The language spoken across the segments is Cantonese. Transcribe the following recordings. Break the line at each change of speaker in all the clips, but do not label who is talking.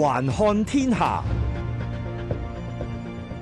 環看天下，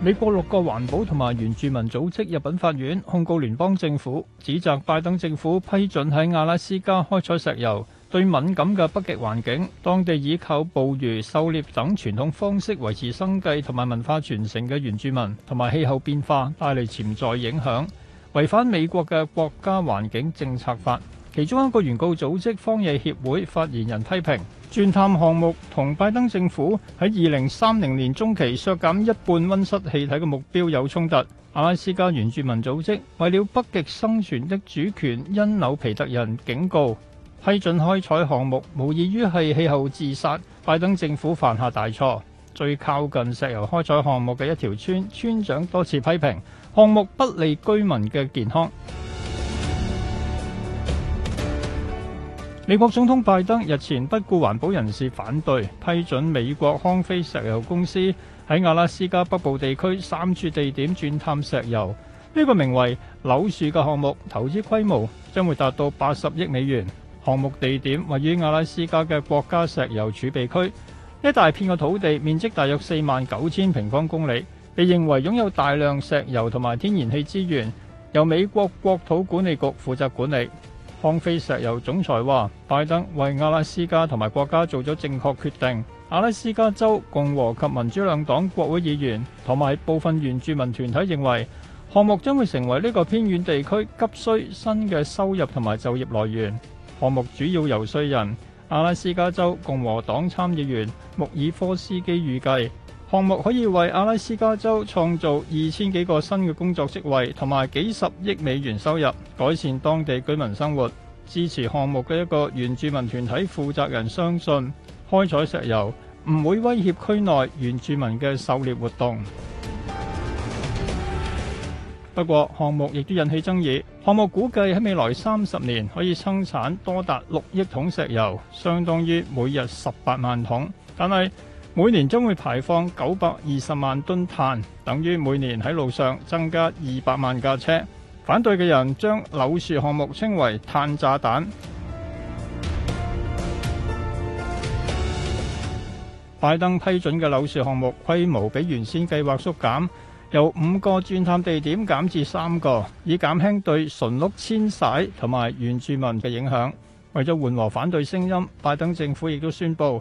美國六個環保同埋原住民組織入稟法院控告聯邦政府，指責拜登政府批准喺阿拉斯加開採石油，對敏感嘅北極環境、當地以靠捕魚、狩獵等傳統方式維持生計同埋文化傳承嘅原住民，同埋氣候變化帶嚟潛在影響，違反美國嘅國家環境政策法。其中一個原告組織荒野協會發言人批評，鑽探項目同拜登政府喺二零三零年中期削減一半溫室氣體嘅目標有衝突。阿拉斯加原住民組織為了北極生存的主權，因紐皮特人警告，批准開採項目無異於係氣候自殺。拜登政府犯下大錯。最靠近石油開採項目嘅一條村，村長多次批評項目不利居民嘅健康。美國總統拜登日前不顧環保人士反對，批准美國康菲石油公司喺阿拉斯加北部地區三處地點鑽探石油。呢個名為“柳樹”嘅項目，投資規模將會達到八十億美元。項目地點位於阿拉斯加嘅國家石油儲備區，一大片嘅土地面積大約四萬九千平方公里，被認為擁有大量石油同埋天然氣資源，由美國國土管理局負責管理。康菲石油總裁話拜登為阿拉斯加同埋國家做咗正確決定。阿拉斯加州共和及民主兩黨國會議員同埋部分原住民團體認為項目將會成為呢個偏遠地區急需新嘅收入同埋就業來源。項目主要遊說人，阿拉斯加州共和黨參議員穆爾科斯基預計。項目可以為阿拉斯加州創造二千幾個新嘅工作職位，同埋幾十億美元收入，改善當地居民生活。支持項目嘅一個原住民團體負責人相信，開採石油唔會威脅區內原住民嘅狩獵活動。不過，項目亦都引起爭議。項目估計喺未來三十年可以生產多達六億桶石油，相當於每日十八萬桶。但係，每年將會排放九百二十萬噸碳，等於每年喺路上增加二百萬架車。反對嘅人將柳樹項目稱為碳炸彈。 拜登批准嘅柳樹項目規模比原先計劃縮減，由五個鑽探地點減至三個，以減輕對馴鹿遷徙同埋原住民嘅影響。為咗緩和反對聲音，拜登政府亦都宣布。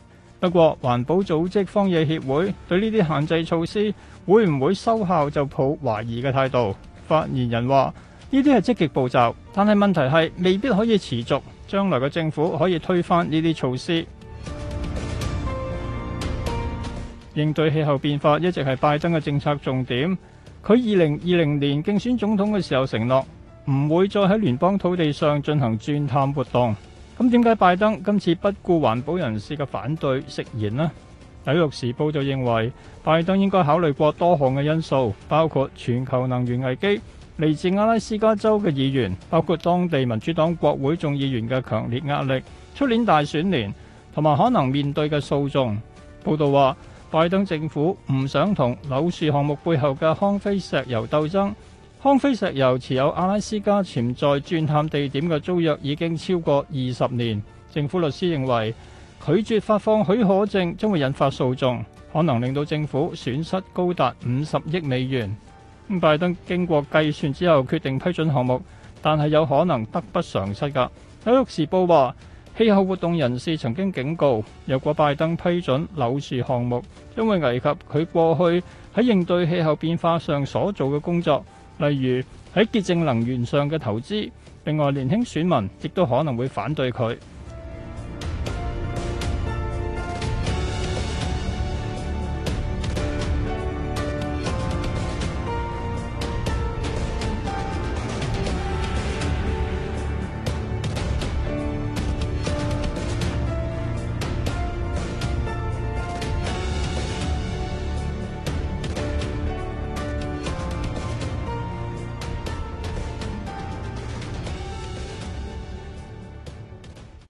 不過，環保組織荒野協會對呢啲限制措施會唔會收效就抱懷疑嘅態度。發言人話：呢啲係積極步驟，但係問題係未必可以持續。將來嘅政府可以推翻呢啲措施。應對氣候變化一直係拜登嘅政策重點。佢二零二零年競選總統嘅時候承諾，唔會再喺聯邦土地上進行鑽探活動。咁點解拜登今次不顧環保人士嘅反對食言呢？《紐約時報》就認為拜登應該考慮過多項嘅因素，包括全球能源危機、嚟自阿拉斯加州嘅議員，包括當地民主黨國會眾議員嘅強烈壓力、出年大選年，同埋可能面對嘅訴訟。報導話，拜登政府唔想同柳樹項目背後嘅康菲石油鬥爭。康菲石油持有阿拉斯加潛在鑽探地點嘅租約已經超過二十年。政府律師認為拒絕發放許可證將會引發訴訟，可能令到政府損失高達五十億美元。拜登經過計算之後決定批准項目，但係有可能得不償失噶。《紐約時報》話，氣候活動人士曾經警告，若果拜登批准柳樹項目，將會危及佢過去喺應對氣候變化上所做嘅工作。例如喺潔淨能源上嘅投資，另外年輕選民亦都可能會反對佢。